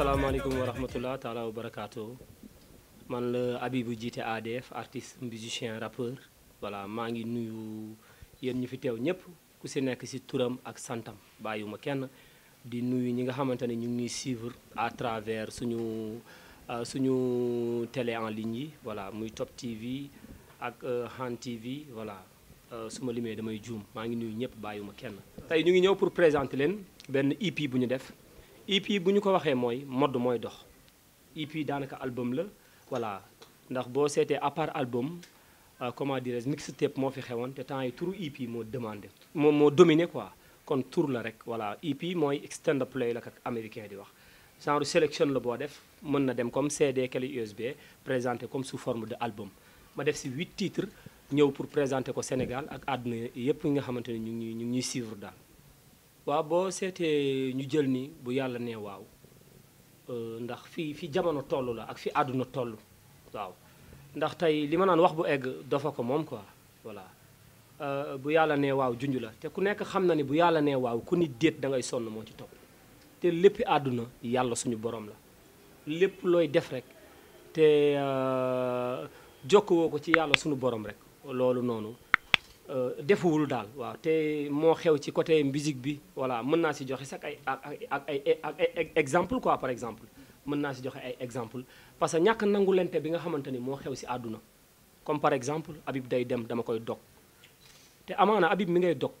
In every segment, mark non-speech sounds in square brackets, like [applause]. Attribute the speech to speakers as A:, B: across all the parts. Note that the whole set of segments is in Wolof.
A: asalaamaaleykum wa rahmatullah taala wa barakaatu man la Abibu jiite ADF artiste musicien rappeur voilà maa ngi nuyu yéen ñu fi teew ñëpp ku si nekk si turam ak santam bàyyiwuma kenn di nuyu ñi nga xamante ne ñu ngi suivre à travers suñu euh, suñu télé en ligne yi voilà muy Top TV ak euh, Han TV voilà euh, su ma limee damay juum maa ngi nuyu ñëpp bàyyiwuma kenn. tey ñu ngi ñëw pour présenter leen benn EP bu ñu def. EP bu ñu ko waxé moy modd moy dox EP daanaka album la voilà ndax bo seetee à part album euh, comment dire mixtape mo fi xewoon té temps yi turu EP mo demandé mo moo dominé quoi kon tour la rek voilà EP moy extend play la ak américain di wax genre sélection le bo def mën na dem comme CD clé USB présenté comme sous forme de album ma def ci 8 titres ñëw pour présenter ko Sénégal ak àdduna yëpp nga xamante ne ñu ñu ñuy suivre dans waaw boo seetee ñu jël ni bu yàlla nee waaw euh, ndax fi fi jamono tollu la ak fi àdduna toll waaw ndax tey li ma naan wax bu egg dofa ko moom quoi voilà euh, bu yàlla nee waaw junju la te ku nekk xam na ni bu yàlla nee waaw ku ni déet dangay sonn moo ci topp te lépp àdduna yàlla suñu borom la lépp looy def rek te euh, jokk ko ci yàlla suñu borom rek loolu noonu Euh, defuwul dal waaw te mo xew ci côté musique bi voilà mën naa si joxe sax ay ay ay exemple quoi par exemple mën naa joxe ay exemple parce que ñàkk nangu bi nga xamante ni xew ci aduna comme par exemple Habib day dem dama koy dog té amana Habib mi ngay dog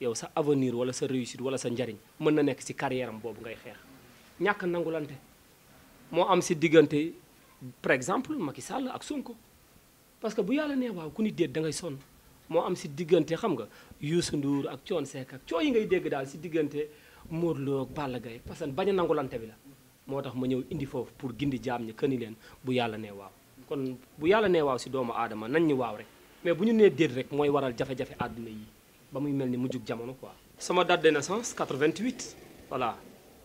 A: yow sa avenir wala sa réussite wala sa njariñ mën na nekk si carrière am bobu ngay xeex ñàkk nangu mo am ci digënté par exemple Macky Sall ak Sonko parce que bu yalla né waaw ku ni déet da ngay sonn moo am si diggante xam nga Youssou Ndour ak Thione Seck ak coo yi ngay dégg daal si diggante Modou Lo ak Balla Gaye parce que bañ a nangulante bi la moo tax ma ñëw indi foofu pour gindi jaam ñi këni leen bu yàlla nee waaw kon bu yàlla nee waaw si doomu aadama nañ ñu waaw rek mais bu ñu nee déet rek mooy waral jafe-jafe àdduna yi ba muy mel ni mu jug jamono quoi sama date de naissance 88 voilà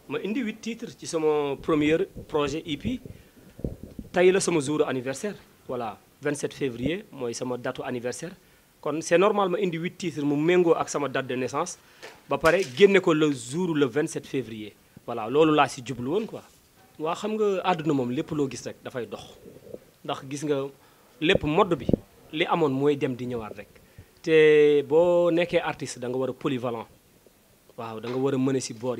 A: ma indi 8 titres ci sama premier projet EP tey la sama jour anniversaire voilà 27 février mooy sama datu anniversaire c'est normalement est normal indi 8 titres mu date de naissance ba paré ko le jour le 27 février voilà lolou la si que won quoi. wa xam nga aduna mom lepp lo gis rek fay dox ndax gis nga bi bo artiste da nga polyvalent waaw da nga wara ci bor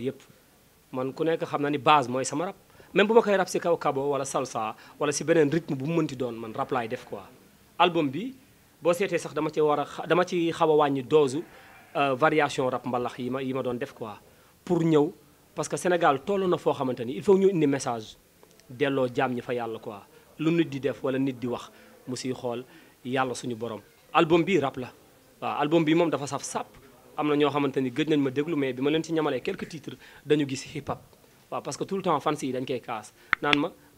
A: man ku nekk xam na ni base moy sama rap même rap si kaw kabo wala salsa wala ci un rythme bu mu doon rap def quoi album bi boo seetee sax dama ci war a dama ci xaw a wàññi dose euh, variation rap mbalax yi ma yi def quoi pour ñëw parce que Sénégal tout na foo xamante ni il faut ñu indi message dès jaam ñi fa yàlla quoi lu nit di def wala nit di wax mu siy yalla yàlla suñu borom. album bi rap la album bi mom dafa saf sap amna na ñoo xamante gëj nañ ma déglu mais bima leen ci ñamalé quelques titres dañu gis hip hop parce que tout le temps fans yi dañ kay kaas nan ma.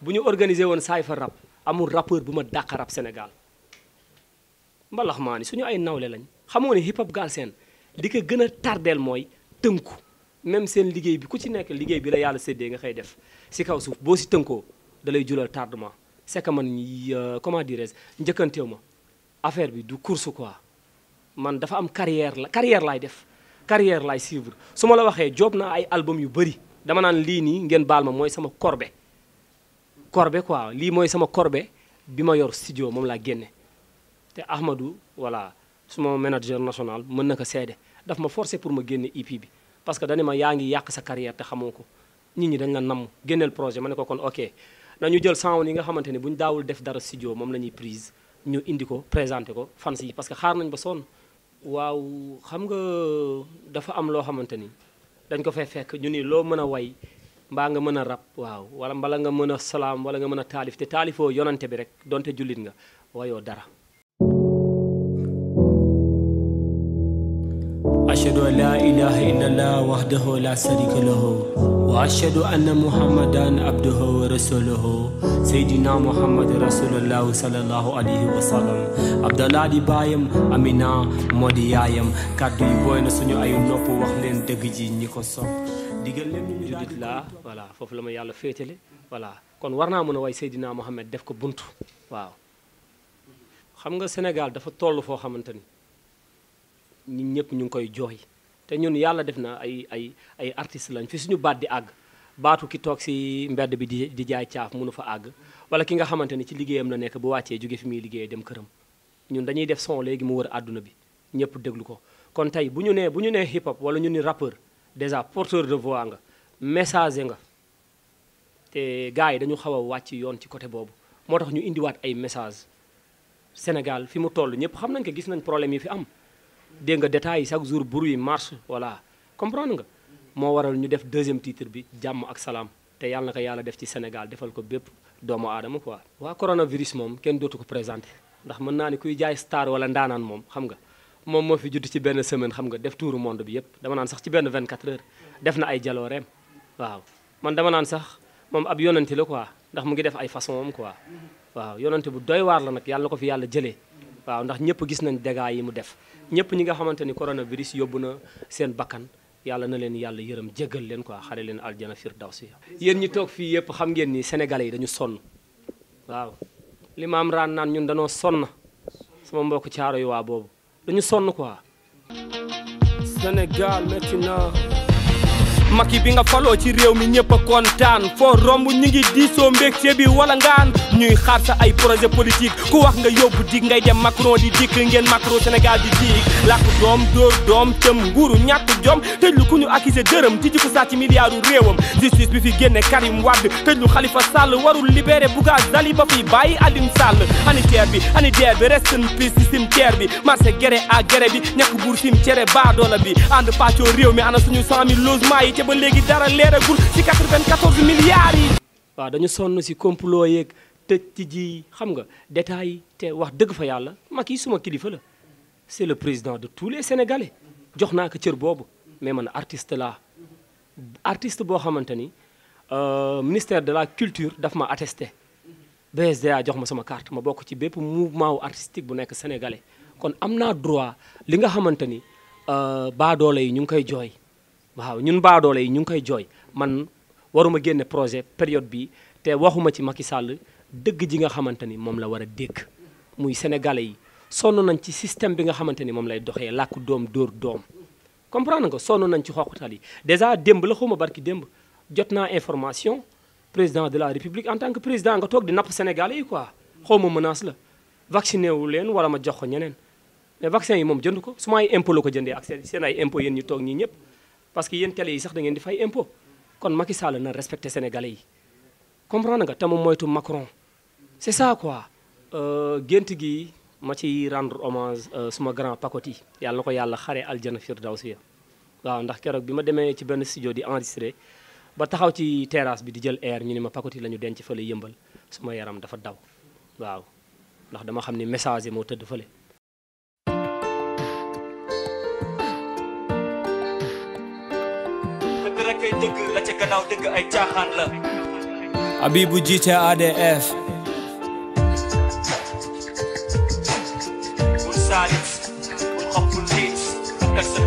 A: bu ñu organiser woon cypher rap amul rappeur bu ma dàq rap Sénégal mbalax maa ni suñu ay nawle lañ xamoo ne hip hop seen li ko gën a tardeel mooy tënku même seen liggéey bi ku ci nekk liggéey bi la yàlla séddee nga koy def si kaw suuf boo si tënkoo dalay lay julal tardement c'est que man euh, comment dirais je ma affaire bi du course quoi man dafa am carrière la carrière laay def carrière laay suivre su ma la waxee job naa ay album yu bëri dama naan lii nii ngeen ma mooy sama corbe corbe quoi lii mooy sama corbe bi ma yor studio moom laa génne te Ahmadou voilà suma manager national mën na ko seede daf ma forcé pour ma génne ipi e bi parce que dañu ma yaa ngi yàq sa carrière te xamoo ko nit ñi dañ la namm génneel projet ma ne ko kon ok nañu jël sound yi nga xamante ne bu daawul def dara studio moom la ñuy prise ñu indi ko présenté ko fans yi parce que xaar nañ ba sonn waaw xam nga dafa am loo xamante ni dañ ko fay fekk ñu ni loo mën a way mbaa nga mën a rab waaw wala mbala nga mën salaam wala nga mën a taalif te taalifoo yonante bi rek donte jullit nga wayoo dara ashhadu an laa ilaha illallah wahdahu la sharika wa ashhadu anna muhammadan abduhu wa rasuluhu seydina muhammad rasulullahu sallallahu alayhi wa sallam abdallah di baayam amina moo di yi booy na suñu ay nopp wax leen dëgg ji ñi ko sopp digal leen jullit laa voilà foofu la ma yàlla féetale voilà kon war naa mën a way Seydina Mohamed def ko bunt waaw xam nga Sénégal dafa toll foo xamante ni ñun ñëpp ñu ngi koy joxe te ñun yàlla def na ay ay ay artistes lañ fi suñu baat di àgg baatu ki toog si mbedd bi di di jaay caaf mënu fa àgg wala ki nga xamante ni ci liggéeyam la nekk bu wàccee jóge fi muy liggéey dem këram ñun dañuy def son léegi mu wër àdduna bi ñëpp déglu ko kon tey bu ñu nee hip hop déjà porteur de voix nga message nga te gars yi dañu xaw a wàcc yoon ci côté boobu moo tax ñu indiwaat ay message Sénégal fi mu toll ñëpp xam nañ ko gis nañ problème yi fi am dégg nga détails chaque jour bruit marche voilà comprendre nga moo waral ñu def deuxième titre bi jàmm ak salaam te yàlla na ko yàlla def ci Sénégal defal ko bépp doomu aadama quoi. waa coronavirus moom kenn dootu ko présenté ndax mën naa ne kuy jaay star wala ndaanaan moom xam nga. mom mo fi judd ci ben semaine xam nga def tour monde bi yep dama nan sax ci ben 24 heures def na ay jalorem waaw man dama nan sax mom ab yonenti la quoi ndax mu ngi def ay façon mom quoi waaw yonenti bu doy war la nak yalla ko fi yalla jele waaw ndax ñepp gis nañ dégâts yi mu def ñepp ñi nga xamanteni coronavirus yobuna sen bakan yalla na len yalla yeureum jéggal len quoi len aljana firdausi. yeen ñi tok fi yep xam ngeen ni sénégalais yi dañu son waaw limam ran nan ñun son sama mbokk yu wa bobu dañu sonn quoi
B: Sénégal métti na Macky bi nga faloo ci réew mi ñëpp a kontaan foo romb ñi ngi diisoo mbégte bi wala ngaan ñuy xaar sa ay projet politique ku wax nga yóbbu dig ngay dem Macron di dikk ngeen Macron Sénégal di dig làkk doom dóor doom tëm nguuru ñàkk jom tëj lu ku ñu accusé dërëm ci ko sàcc milliardu réewam justice bi fi génne Karim Wade tëj lu Khalifa Sall warul libéré Bouga Dali ba fi bàyyi Alim Sall aniteer bi aniteer bi rest in peace ci cimetière bi marché gré à gré bi bi ànd wàcce ba léegi dara leeragul ci 94 milliards yi.
A: waaw dañu sonn ci complot yeeg tëj ci ji xam nga détails yi te wax dëgg fa yàlla Macky suma kilifa la c'est le président de tous les sénégalais jox naa ko cër boobu mais man artiste laa artiste boo xamante ni euh, ministère de la culture daf ma attesté. BSDA jox ma sama carte ma bokk ci bépp mouvement wu artistique bu nekk sénégalais kon am naa droit li nga xamante ni euh, baadoole yi ñu ngi koy jooy waaw ñun baadoole yi ñu ngi koy jooy man waruma génne projet période bi te waxuma ci Macky Sall dëgg ji nga xamante ni moom la war a dégg muy sénégalais yi sonn nañ ci système bi nga xamante ni moom lay doxee làkk doom dóor doom comprendre nga sonn nañ ci xoqutal yi déjà démb la xuma barki démb jot naa information président de la république en tant que président nga toog di napp sénégalais yi quoi xawma menace la vacciné wu leen wala ma jox ko ñeneen mais vaccin yi moom jënd ko su ma ay impôt la ko jëndee ak seen seen ay impôt yéen ñu toog ñii ñëpp parce que yéen télé yi sax da ngeen di fay impôt kon Macky Sall na respecté sénégalais yi comprendre nga tamo moytu Macron c'est ça quoi euh gént gi ma ci rendre hommage euh, suma grand Pacoti yalla na ko yàlla xare aljana firdawsi waaw ndax kérok bima démé ci benn studio di enregistrer ba taxaw ci terrasse bi di jël air ñu ni ma Pacoti lañu ñu denc fële yëmbal suma yaram dafa daw waaw ndax dama xamni message yi moo tëdd fële
B: kenal digga, ey cahan le
A: Abibu GTADF
B: Gonzales Unkoppel Lids Das ist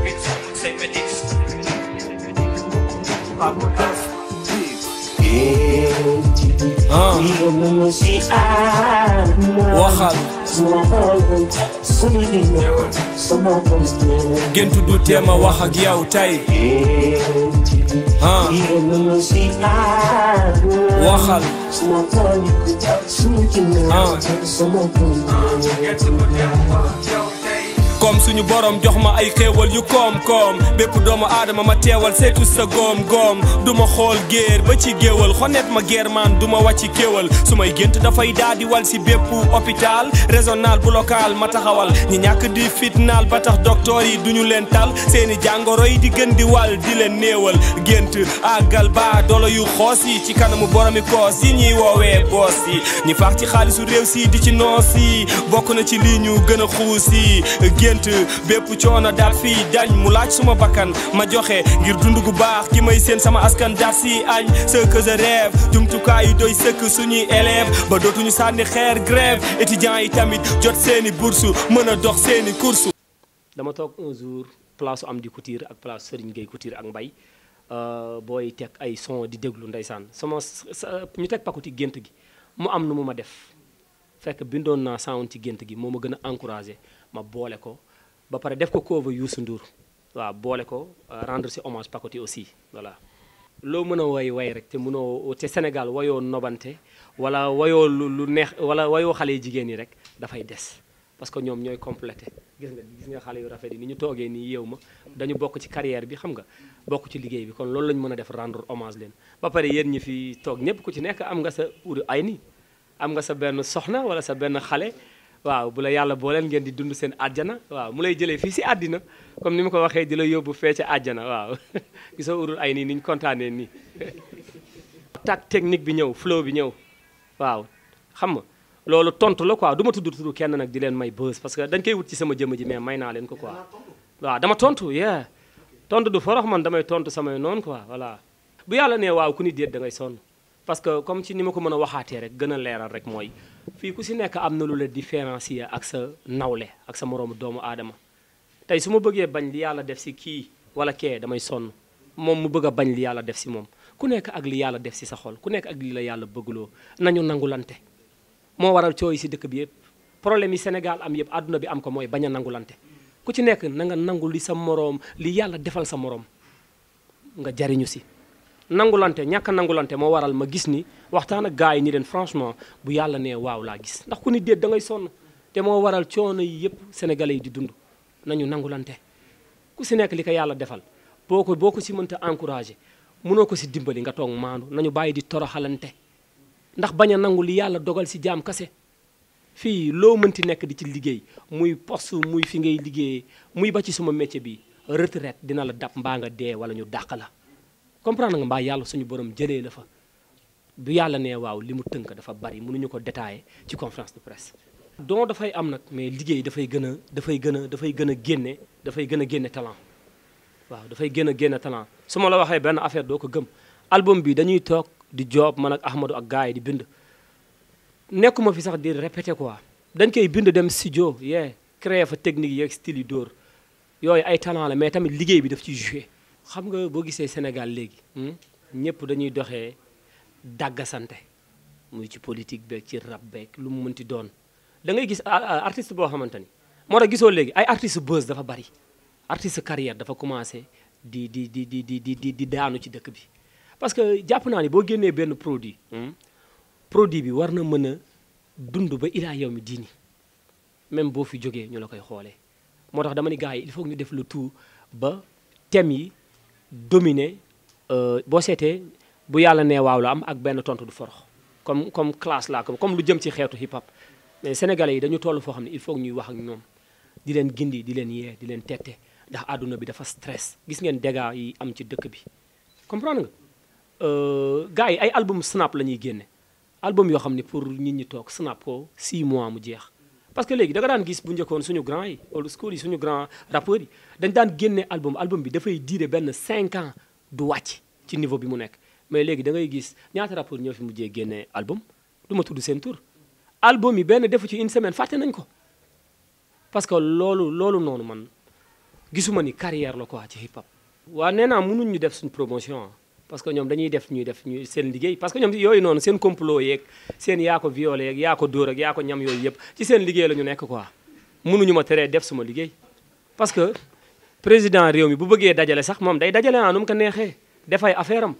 B: وخل uh. comme suñu borom jox ma ay xéewal yu koom-koom bépp doomu aadama ma teewal saytu sa góom-góom du ma xool géer ba ci géewal xonet ma géer maan du ma wàcci kéewal su may gént dafay daa di wal si bépp hôpital régional bu local ma taxawal ñi ñàkk di fitnaal ba tax docteur yi duñu leen tal seeni jàngoro yi di gën di wal di leen néewal gént àggal ba dolo yu xoos yi ci kanamu boromi koos yi ñuy woowee boos yi ñi faax ci xaalisu réew si di ci noos yi bokk na ci ñu gën a gént bépp coono daat fii dañ mu laaj suma bakkan ma joxe ngir dund gu baax ki may seen sama askan daat si añ ce que je rêve jumtukaay yu doy sëkk suñuy élève ba dootuñu sànni xeer grève étudiants yi tamit jot seeni bourse mën a dox
A: seeni course dama toog un jour place am di Couture ak place Serigne géey Couture ak Mbaye euh, booy teg ay son di déglu ndeysaan sama ñu teg pakuti gént gi mu am nu mu ma def fekk bindoon naa saawoon ci gént gi moo ma gën a encouragé ma boole ko ba pare def ko cover Youssou Ndour waaw boole ko euh, rendre si hommage Pacotille aussi voilà. loo mën a way way rek te mënoo te Sénégal wayoo nobante wala wayoo lu lu neex wala wayoo xale jigéen yi rek dafay des parce que ñoom ñooy complété gis nga gis nga xale yu rafet yi ni ñu toogee nii yeew ma dañu bokk ci carrière bi xam nga bokk ci liggéey bi kon loolu lañu mën a def rendre hommage leen ba pare yéen ñi fi toog ñëpp ku ci nekk am nga sa uru ay nii am nga sa benn soxna wala sa benn xale waaw bu la yàlla booleel ngeen di dund seen àjjana waaw mu lay jëlee fii si àddina comme ni ma ko waxee di la yóbbu fee ca àjjana waaw [laughs] gisoo urul ay nii ni ñu kontaanee nii. [laughs] tak technique bi ñëw flow bi ñëw waaw xam nga loolu tontu la quoi du ma tudd tudd kenn nag di leen may bës parce que dañ koy wut ci sama jëmm ji mais may naa leen ko quoi waaw dama tontu yeah tontu du forox man damay tontu samay noon quoi voilà bu yàlla nee waaw ku da ngay sonn. parce que comme ci ni ma ko mën a waxaatee rek gën a leeral rek mooy fii ku si nekk am na lu la différencier ak sa nawle ak sa moroomu doomu aadama tey su ma bëggee bañ li yàlla def si kii wala kee damay sonn moom mu bëgg a bañ li yàlla def si moom ku nekk ak li yàlla def si sa xol ku nekk ak li la yàlla bëggloo nañu nangulante moo waral cooy si dëkk bi yëpp problème yi Sénégal am yëpp àdduna bi am ko mooy bañ a nangulante ku ci nekk nanga nangu li sa moroom li yàlla defal sa moroom nga jariñu si nangulante ñàkk a nangulante moo waral ma gis ni waxtaan a gars yi ni leen franchement bu yàlla nee waaw laa gis ndax ku ni déet dangay sonn te moo waral coono yi yëpp sénégalais yi di dund nañu nangulante ku si nekk li ko yàlla defal boo ko boo ko si mënta encouragé munoo ko si dimbali nga toog maandu nañu bàyyi di toroxalante ndax bañ a nangu li yàlla dogal si jaam kase fii loo mënti nekk di ci liggéey muy post muy fi ngay liggéeyee muy ba ci suma métier bi retraite dina la dab mbaa dee wala ñu dàq la comprendre nga mbaa yàlla suñu borom jëlee la fa du yàlla nee waaw li mu tënk dafa bari mënuñu ko détailler ci conférence de presse. don dafay am nag mais liggéey dafay gën a dafay gën a dafay gën a génne dafay gën a génne talent waaw dafay gën a génne talent su ma la waxee benn affaire doo ko gëm album bi dañuy toog di joob man ak Ahmadou ak gars yi di bind. nekkuma fi sax di répéter quoi dañ koy bind dem studio yee créer fa technique yeeg style yu dóor yooyu ay talent la mais tamit liggéey bi daf ciy joué. xam nga boo gisee Sénégal léegi hmm, ñëpp dañuy doxee dàggasante muy ci politique beeg ci rap beeg lu mu mënti doon da ngay gis artiste boo xamante ni moo tax gisoo léegi ay artiste buzz dafa bari artiste carrière dafa commencé di di di di di di di daanu ci dëkk bi parce que jàpp naa ni boo génnee benn produit hmm, produit bi war na mën a dund ba ilaa yow mi diini même boo fi jógee ñu la koy xoolee moo tax dama ni gars yi il faut ñu def lu tout ba thème yi dominer euh, boo seetee bu yàlla nee waaw la am ak benn tontu du forox comme comme classe laa ko comme lu jëm ci xeetu hip hop. mais sénégalais yi dañu toll foo xam ne il faut ñuy wax ak ñoom di leen gindi di leen yee di leen tette ndax àdduna bi dafa stress gis ngeen dégâts yi am ci dëkk bi comprendre nga. Euh, gars yi ay album snap la ñuy génne album yoo xam ne pour nit ñi toog snap ko 6 mois mu jeex. parce que légui da nga daan gis bu suñu grand old school yi album album bi dafay diire benn 5 ans du wàcc ci niveau bi mu mais léegi da ngay gis rappeurs ñoo fi mujjee album du ma tudd seen tour. album yi benn defu une semaine nañ ko parce que loolu loolu noonu man gisuma ni carrière la quoi hip hop. promotion parce que ñom dañuy def ñuy def ñuy seen liggéey parce que ñom yoy non seen complot yek seen yaa ko violé yeeg yaa ko dóor ak yaa ko ñam yoy yëpp ci seen liggéey la ñu nek quoi mënuñu ma teree def suma liggéey parce que président réew mi bu bëggee dajalé sax mom day dajalé ah nu mu ko neexee dafay affaire am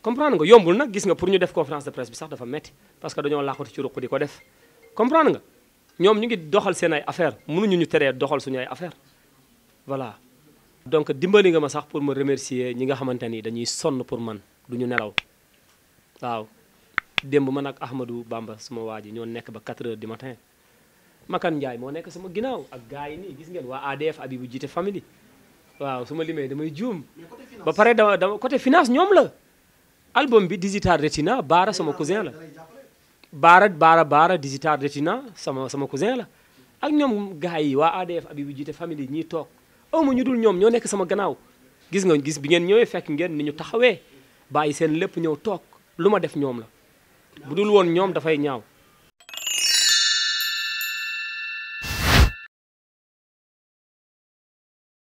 A: comprendre nga yombul nak gis nga pour ñu def conférence de presse bi sax dafa metti parce que dañoo laaxatu ci ruq diko def comprendre nga ñom ñu ngi doxal seen ay affaire mënuñu ñu téré doxal suñu ay affaire voilà donc dimbali nga ma sax pour me remercier ñi nga xamanteni dañuy sonn pour man duñu nelaw waaw demb man ak ahmadou bamba suma waji ñoo nekk ba 4 h du matin makan njaay mo nekk sama ginaaw ak gaay ni gis ngeen wa adf abibu jité Family. waaw su limé damay joom ba pare da côté finance ñom la album bi digital retina bara sama cousin la barat bara bara digital retina sama sama cousin la ak ñom gaay wa adf abibu jité Family ñi tok awma ñu dul ñoom ñoo nekk sama gannaaw gis nga gis bi ngeen ñëwee fekk ngeen ni ñu taxawee bàyyi seen lépp ñëw toog lu ma def ñoom la bu dul woon ñoom
B: dafay ñaaw